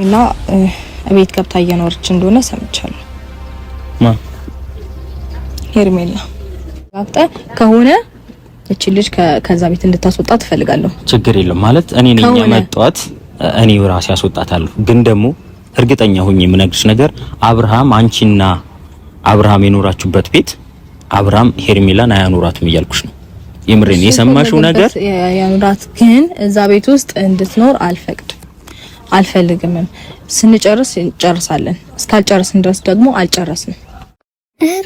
ሚና እቤት ገብታ እየኖረች እንደሆነ ሰምቻለሁ። ማ ሄርሜላ ጋብጠ ከሆነ እቺ ልጅ ከዛ ቤት እንድታስወጣ ትፈልጋለሁ። ችግር የለም ማለት እኔ ነኝ ያመጣኋት፣ እኔ ራሴ አስወጣታለሁ። ግን ደግሞ እርግጠኛ ሆኜ የምነግርሽ ነገር አብርሃም፣ አንቺና አብርሃም የኖራችሁበት ቤት አብርሃም ሄርሜላን አያኖራትም እያልኩሽ ነው። የምሬን የሰማሽው ነገር ያኖራት፣ ግን እዛ ቤት ውስጥ እንድትኖር አልፈቅድም አልፈልግምም። ስንጨርስ እንጨርሳለን። እስካልጨረስን ድረስ ደግሞ አልጨረስንም።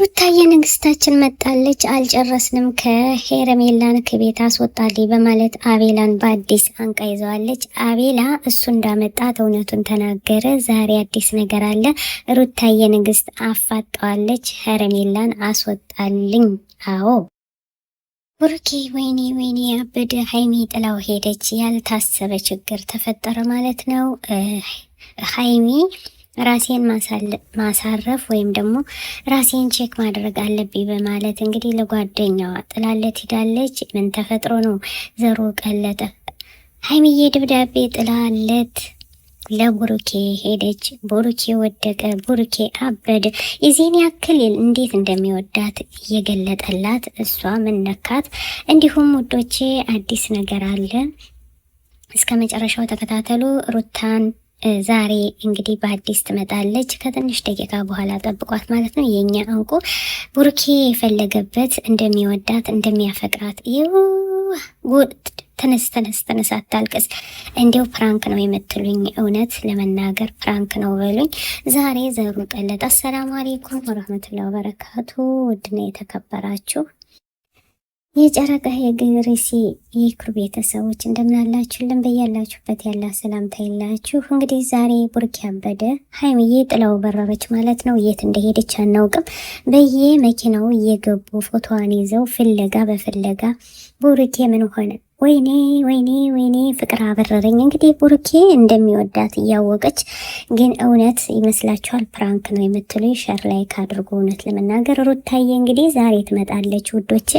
ሩታዬ ንግስታችን መጣለች። አልጨረስንም፣ ከሄረሜላን ከቤት አስወጣልኝ በማለት አቤላን በአዲስ አንቃ ይዘዋለች። አቤላ እሱ እንዳመጣት እውነቱን ተናገረ። ዛሬ አዲስ ነገር አለ። ሩታዬ ንግስት አፋጠዋለች። ሄረሜላን አስወጣልኝ። አዎ ብሩኬ ወይኔ ወይኔ አበደ። ሀይሚ ጥላው ሄደች። ያልታሰበ ችግር ተፈጠረ ማለት ነው። ሀይሚ ራሴን ማሳረፍ ወይም ደግሞ ራሴን ቼክ ማድረግ አለብኝ በማለት እንግዲህ ለጓደኛዋ ጥላለት ሂዳለች። ምን ተፈጥሮ ነው ዘሮ ቀለጠ? ሀይሚዬ ደብዳቤ ጥላለት ለቡሩኬ ሄደች። ቡሩኬ ወደቀ፣ ቡሩኬ አበደ። የዚህን ያክል እንዴት እንደሚወዳት እየገለጠላት እሷ መነካት። እንዲሁም ውዶቼ አዲስ ነገር አለ፣ እስከ መጨረሻው ተከታተሉ። ሩታን ዛሬ እንግዲህ በአዲስ ትመጣለች። ከትንሽ ደቂቃ በኋላ ጠብቋት ማለት ነው። የኛ እንቁ ቡሩኬ የፈለገበት እንደሚወዳት እንደሚያፈቅራት ይው ተነስ ተነስ ተነስ አታልቅስ፣ እንዲው ፕራንክ ነው የምትሉኝ እውነት ለመናገር ፕራንክ ነው በሉኝ። ዛሬ ዘሩ ቀለጠ። አሰላሙ አሌይኩም ወረህመቱላ ወበረካቱ። ውድና የተከበራችሁ የጨረቃ የግሪሲ የክሩ ቤተሰቦች እንደምን አላችሁልን? በያላችሁበት ያለ ሰላምታ ይላችሁ። እንግዲህ ዛሬ ቡርኪ ያበደ ሀይምዬ ጥላው በረረች ማለት ነው። የት እንደሄደች አናውቅም። በየ መኪናው እየገቡ ፎቶዋን ይዘው ፍለጋ በፍለጋ ቡርኬ ምን ሆነ ወይኔ ወይኔ ወይኔ ፍቅር አበረረኝ። እንግዲህ ቡርኬ እንደሚወዳት እያወቀች ግን እውነት ይመስላችኋል? ፕራንክ ነው የምትሉ ሸር ላይ ካድርጎ እውነት ለመናገር ሩታዬ እንግዲህ ዛሬ ትመጣለች ውዶች።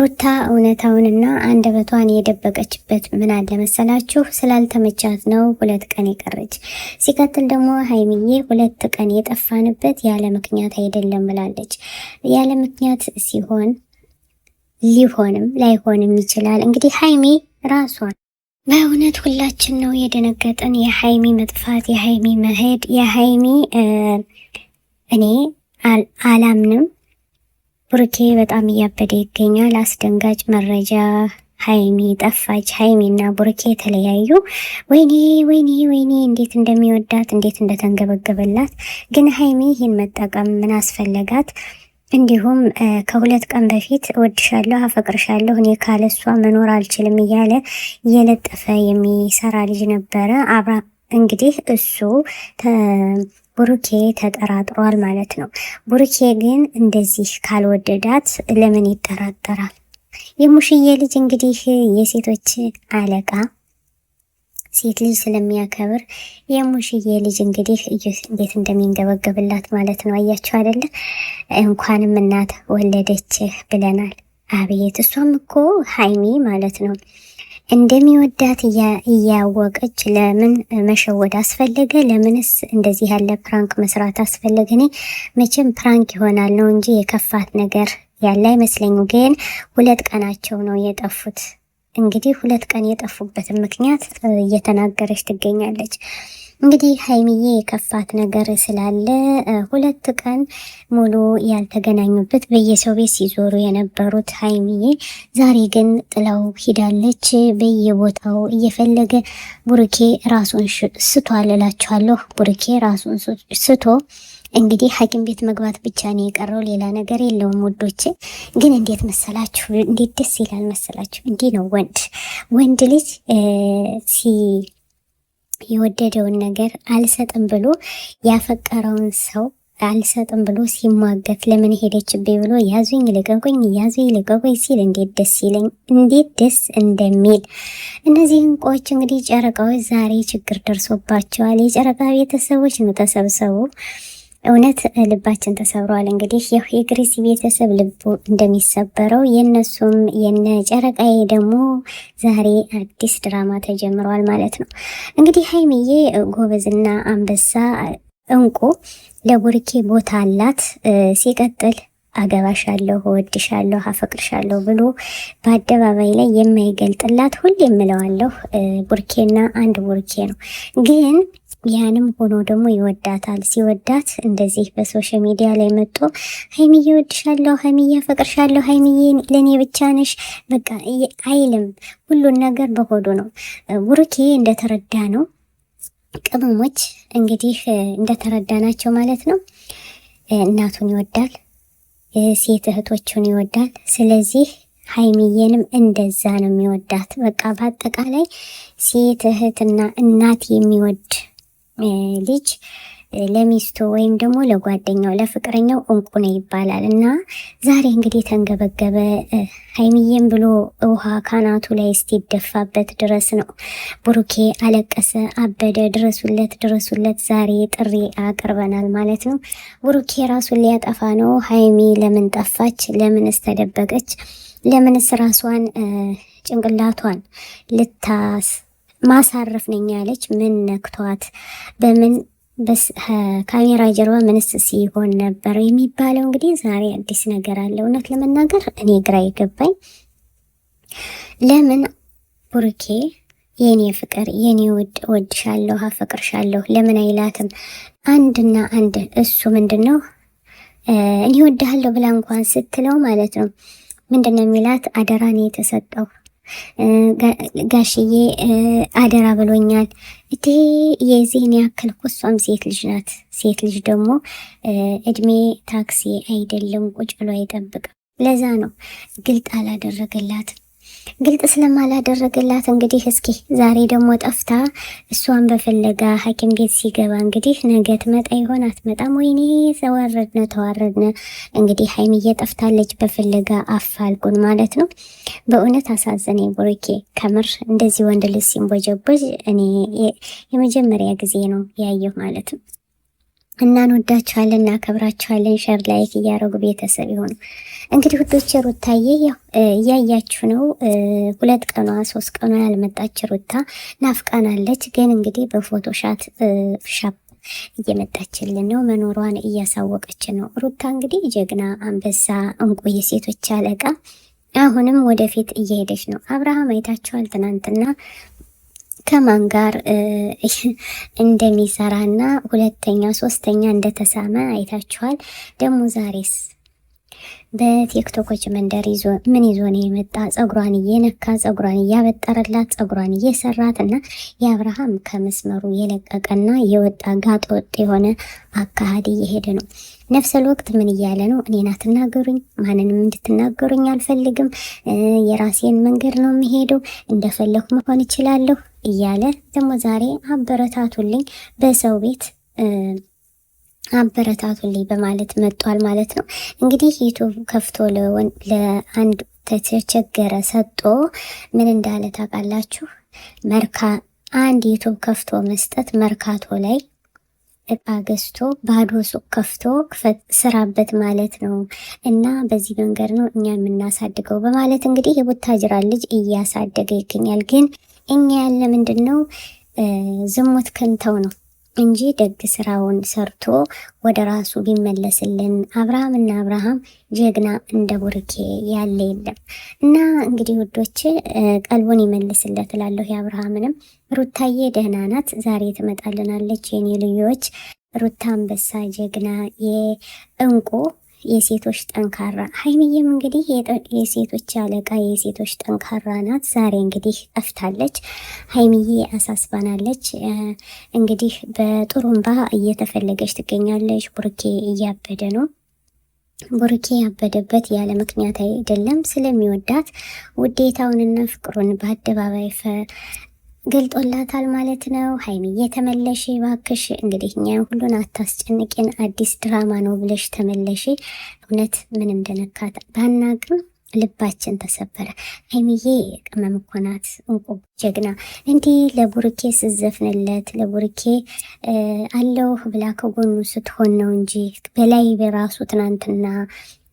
ሩታ እውነታውንና አንደበቷን የደበቀችበት ምን አለ መሰላችሁ? ስላልተመቻት ነው ሁለት ቀን የቀረች። ሲቀጥል ደግሞ ሀይሚዬ ሁለት ቀን የጠፋንበት ያለ ምክንያት አይደለም ብላለች። ያለ ምክንያት ሲሆን ሊሆንም ላይሆንም ይችላል። እንግዲህ ሀይሚ ራሷን በእውነት ሁላችን ነው የደነገጠን። የሀይሚ መጥፋት፣ የሀይሚ መሄድ፣ የሀይሚ እኔ አላምንም። ብሩኬ በጣም እያበደ ይገኛል። አስደንጋጭ መረጃ ሀይሚ ጠፋች፣ ሀይሚ እና ቡርኬ የተለያዩ። ወይኔ ወይኔ ወይኔ እንዴት እንደሚወዳት እንዴት እንደተንገበገበላት ግን ሀይሚ ይህን መጠቀም ምን አስፈለጋት? እንዲሁም ከሁለት ቀን በፊት ወድሻለሁ፣ አፈቅርሻለሁ እኔ ካለሷ መኖር አልችልም እያለ እየለጠፈ የሚሰራ ልጅ ነበረ። አብራ እንግዲህ እሱ ቡሩኬ ተጠራጥሯል ማለት ነው። ቡሩኬ ግን እንደዚህ ካልወደዳት ለምን ይጠራጠራል? የሙሽዬ ልጅ እንግዲህ የሴቶች አለቃ ሴት ልጅ ስለሚያከብር የሙሽዬ ልጅ እንግዲህ እንዴት እንደሚንገበገብላት ማለት ነው። አያችሁ አይደለ? እንኳንም እናት ወለደችህ ብለናል። አቤት እሷም እኮ ሀይሚ ማለት ነው እንደሚወዳት እያወቀች ለምን መሸወድ አስፈለገ? ለምንስ እንደዚህ ያለ ፕራንክ መስራት አስፈለገ? እኔ መቼም ፕራንክ ይሆናል ነው እንጂ የከፋት ነገር ያለ አይመስለኝም። ግን ሁለት ቀናቸው ነው የጠፉት። እንግዲህ ሁለት ቀን የጠፉበትን ምክንያት እየተናገረች ትገኛለች። እንግዲህ ሀይሚዬ የከፋት ነገር ስላለ ሁለት ቀን ሙሉ ያልተገናኙበት በየሰው ቤት ሲዞሩ የነበሩት ሀይሚዬ ዛሬ ግን ጥላው ሂዳለች። በየቦታው እየፈለገ ቡርኬ ራሱን ስቶ አልላችኋለሁ። ቡርኬ ራሱን ስቶ እንግዲህ ሐኪም ቤት መግባት ብቻ ነው የቀረው፣ ሌላ ነገር የለውም ወዶች። ግን እንዴት መሰላችሁ? እንዴት ደስ ይላል መሰላችሁ? እንዲህ ነው ወንድ ወንድ ልጅ ሲ የወደደውን ነገር አልሰጥም ብሎ ያፈቀረውን ሰው አልሰጥም ብሎ ሲሟገት ለምን ሄደችብኝ ብሎ ያዙኝ ልቀቁኝ ያዙኝ ልቀቁኝ ሲል እንዴት ደስ ይለኝ እንዴት ደስ እንደሚል። እነዚህ እንቁዎች እንግዲህ ጨረቃዎች ዛሬ ችግር ደርሶባቸዋል። የጨረቃ ቤተሰቦች ነው ተሰብሰቡ እውነት ልባችን ተሰብሯል። እንግዲህ ይህ የግሪሲ ቤተሰብ ልቡ እንደሚሰበረው የነሱም የነ ጨረቃዬ ደግሞ ዛሬ አዲስ ድራማ ተጀምረዋል ማለት ነው። እንግዲህ ሀይሚዬ ጎበዝና አንበሳ እንቁ ለቡርኬ ቦታ አላት። ሲቀጥል አገባሻለሁ፣ እወድሻለሁ፣ አፈቅርሻለሁ ብሎ በአደባባይ ላይ የማይገልጥላት ሁሌ የምለዋለሁ ቡርኬና አንድ ቡርኬ ነው ግን ያንም ሆኖ ደግሞ ይወዳታል። ሲወዳት እንደዚህ በሶሻል ሚዲያ ላይ መጥቶ ሀይሚዬ እወድሻለሁ፣ ሀይሚዬ አፈቅርሻለሁ፣ ሀይሚዬ ለእኔ ብቻ ነሽ በቃ አይልም። ሁሉን ነገር በሆዱ ነው። ብሩኬ እንደተረዳ ነው። ቅመሞች እንግዲህ እንደተረዳ ናቸው ማለት ነው። እናቱን ይወዳል፣ ሴት እህቶቹን ይወዳል። ስለዚህ ሀይሚዬንም እንደዛ ነው የሚወዳት። በቃ በአጠቃላይ ሴት እህትና እናት የሚወድ ልጅ ለሚስቱ ወይም ደግሞ ለጓደኛው ለፍቅረኛው እንቁ ነው ይባላል። እና ዛሬ እንግዲህ የተንገበገበ ሀይሚዬም ብሎ ውሃ ካናቱ ላይ እስኪደፋበት ድረስ ነው። ብሩኬ አለቀሰ፣ አበደ፣ ድረሱለት፣ ድረሱለት። ዛሬ ጥሪ አቅርበናል ማለት ነው። ብሩኬ ራሱን ሊያጠፋ ነው። ሀይሚ ለምን ጠፋች? ለምንስ ተደበቀች? ለምንስ ራሷን ጭንቅላቷን ልታስ ማሳረፍ ነኝ ያለች ምን ነክቷት በምን ካሜራ ጀርባ ምንስ ሲሆን ነበር የሚባለው። እንግዲህ ዛሬ አዲስ ነገር አለ። እውነት ለመናገር እኔ ግራ የገባኝ ለምን ቡርኬ የኔ ፍቅር የኔ ውድ ወድሻለሁ፣ አፈቅርሻለሁ ለምን አይላትም? አንድና አንድ እሱ ምንድን ነው እኔ ወድሃለሁ ብላ እንኳን ስትለው ማለት ነው ምንድን ነው የሚላት? አደራ እኔ የተሰጠው ጋሽዬ አደራ ብሎኛል። እቲ የዚህን ያክል ኩሷም ሴት ልጅ ናት። ሴት ልጅ ደግሞ እድሜ ታክሲ አይደለም፣ ቁጭ ብሎ አይጠብቅም። ለዛ ነው ግልጥ አላደረገላትም። ግልጥ ስለማላደረገላት እንግዲህ እስኪ ዛሬ ደግሞ ጠፍታ እሷን በፍለጋ ሐኪም ቤት ሲገባ እንግዲህ ነገ ትመጣ ይሆን አትመጣም? ወይኔ ተዋረድነ ተዋረድነ። እንግዲህ ሀይሚዬ ጠፍታለች በፍለጋ አፋልጉን ማለት ነው። በእውነት አሳዘነ ብሩኬ። ከምር እንደዚህ ወንድ ልጅ ሲንቦጀቦጅ እኔ የመጀመሪያ ጊዜ ነው ያየሁ ማለት ነው። እና እንወዳችኋለን፣ እናከብራችኋለን። ሸር ላይክ እያደረጉ ቤተሰብ የሆኑ እንግዲህ ውዶች ሩታዬ እያያችሁ ነው። ሁለት ቀኗ ሶስት ቀኗ ያልመጣች ሩታ ናፍቃናለች። ግን እንግዲህ በፎቶሻት ሻፕ እየመጣችልን ነው፣ መኖሯን እያሳወቀች ነው። ሩታ እንግዲህ ጀግና፣ አንበሳ፣ እንቁ፣ የሴቶች አለቃ አሁንም ወደፊት እየሄደች ነው። አብርሃም አይታችኋል ትናንትና ከማን ጋር እንደሚሰራና ሁለተኛ ሶስተኛ እንደተሳመ አይታችኋል። ደግሞ ዛሬስ በቲክቶኮች መንደር ይዞ ምን ይዞ ነው የመጣ? ጸጉሯን እየነካ ጸጉሯን እያበጠረላት ጸጉሯን እየሰራት እና የአብርሃም ከመስመሩ የለቀቀና የወጣ ጋጥ ወጥ የሆነ አካሄድ እየሄደ ነው። ነፍሰል ወቅት ምን እያለ ነው? እኔን አትናገሩኝ፣ ማንንም እንድትናገሩኝ አልፈልግም፣ የራሴን መንገድ ነው የምሄደው፣ እንደፈለኩ መሆን እችላለሁ እያለ ደግሞ ዛሬ አበረታቱልኝ በሰው ቤት አበረታቱልኝ በማለት መጥቷል ማለት ነው። እንግዲህ ዩቱብ ከፍቶ ለአንድ ተቸገረ ሰጦ ምን እንዳለ ታውቃላችሁ? መርካ አንድ ዩቱብ ከፍቶ መስጠት መርካቶ ላይ እቃ ገዝቶ ባዶ ሱቅ ከፍቶ ስራበት ማለት ነው። እና በዚህ መንገድ ነው እኛ የምናሳድገው በማለት እንግዲህ የቡታጅራ ልጅ እያሳደገ ይገኛል ግን እኛ ያለ ምንድን ነው ዝሙት ክንተው ነው እንጂ ደግ ስራውን ሰርቶ ወደ ራሱ ቢመለስልን አብርሃምና አብርሃም ጀግና እንደ ቡርኬ ያለ የለም እና እንግዲህ ውዶች ቀልቡን ይመልስለት እላለሁ። የአብርሃምንም ሩታዬ ደህና ናት፣ ዛሬ ትመጣልናለች። የኔ ልዩዎች ሩታ አንበሳ ጀግና የእንቁ የሴቶች ጠንካራ ሀይሚዬም እንግዲህ የሴቶች አለቃ የሴቶች ጠንካራ ናት። ዛሬ እንግዲህ ጠፍታለች፣ ሀይሚዬ አሳስባናለች። እንግዲህ በጥሩምባ እየተፈለገች ትገኛለች። ቡርኬ እያበደ ነው። ቡርኬ ያበደበት ያለ ምክንያት አይደለም፣ ስለሚወዳት ውዴታውንና ፍቅሩን በአደባባይ ገልጦላታል ማለት ነው። ሀይሚዬ ተመለሽ ባክሽ፣ እንግዲህ እኛ ሁሉን አታስጨንቂን፣ አዲስ ድራማ ነው ብለሽ ተመለሽ። እውነት ምን እንደነካት ባናቅም ልባችን ተሰበረ። ሀይሚዬ ቅመም እኮ ናት፣ እንቁ ጀግና። እንዲህ ለቡርኬ ስዘፍንለት ለቡርኬ አለው ብላ ከጎኑ ስትሆን ነው እንጂ በላይ በራሱ ትናንትና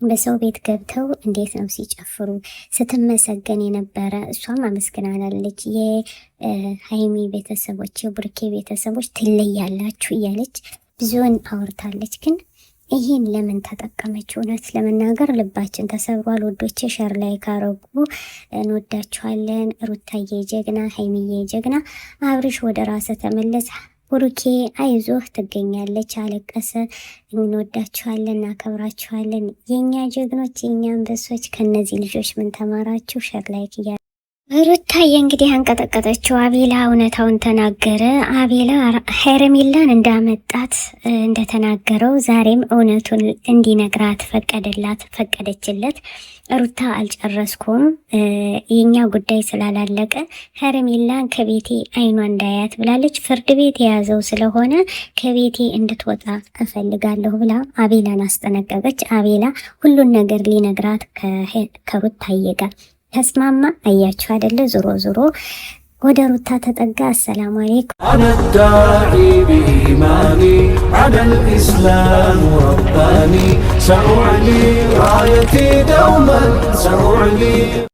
በሰው ቤት ገብተው እንዴት ነው ሲጨፍሩ ስትመሰገን የነበረ እሷም አመስግናላለች። የሀይሚ ቤተሰቦች፣ የቡርኬ ቤተሰቦች ትለያላችሁ እያለች ብዙውን አውርታለች። ግን ይህን ለምን ተጠቀመች? እውነት ለመናገር ልባችን ተሰብሯል። ወዶቼ ሸር ላይ ካረጉ እንወዳችኋለን። ሩታዬ ጀግና፣ ሀይሚዬ ጀግና። አብርሽ ወደ ራስህ ተመለስ። ብሩኬ አይዞህ ትገኛለች፣ አለቀሰ። እንወዳችኋለን፣ እናከብራችኋለን። የእኛ ጀግኖች፣ የእኛ አንበሶች። ከነዚህ ልጆች ምን ተማራችሁ? ሸር ላይክ እያ ሩታዬ እንግዲህ አንቀጠቀጠችው። አቤላ እውነታውን ተናገረ። አቤላ ሄርሜላን እንዳመጣት እንደተናገረው ዛሬም እውነቱን እንዲነግራት ፈቀደላት ፈቀደችለት። ሩታ አልጨረስኩም፣ የኛ ጉዳይ ስላላለቀ ሄርሜላን ከቤቴ አይኗ እንዳያት ብላለች። ፍርድ ቤት የያዘው ስለሆነ ከቤቴ እንድትወጣ እፈልጋለሁ ብላ አቤላን አስጠነቀቀች። አቤላ ሁሉን ነገር ሊነግራት ከሩታዬ ጋር ተስማማ። አያችሁ አደለ? ዞሮ ዞሮ ወደ ሩታ ተጠጋ። አሰላሙ አለይኩም አነዳዒ ቢኢማኒ አደል ኢስላም ረባኒ ሰዑሊ ራየቲ ደውመን ሰዑሊ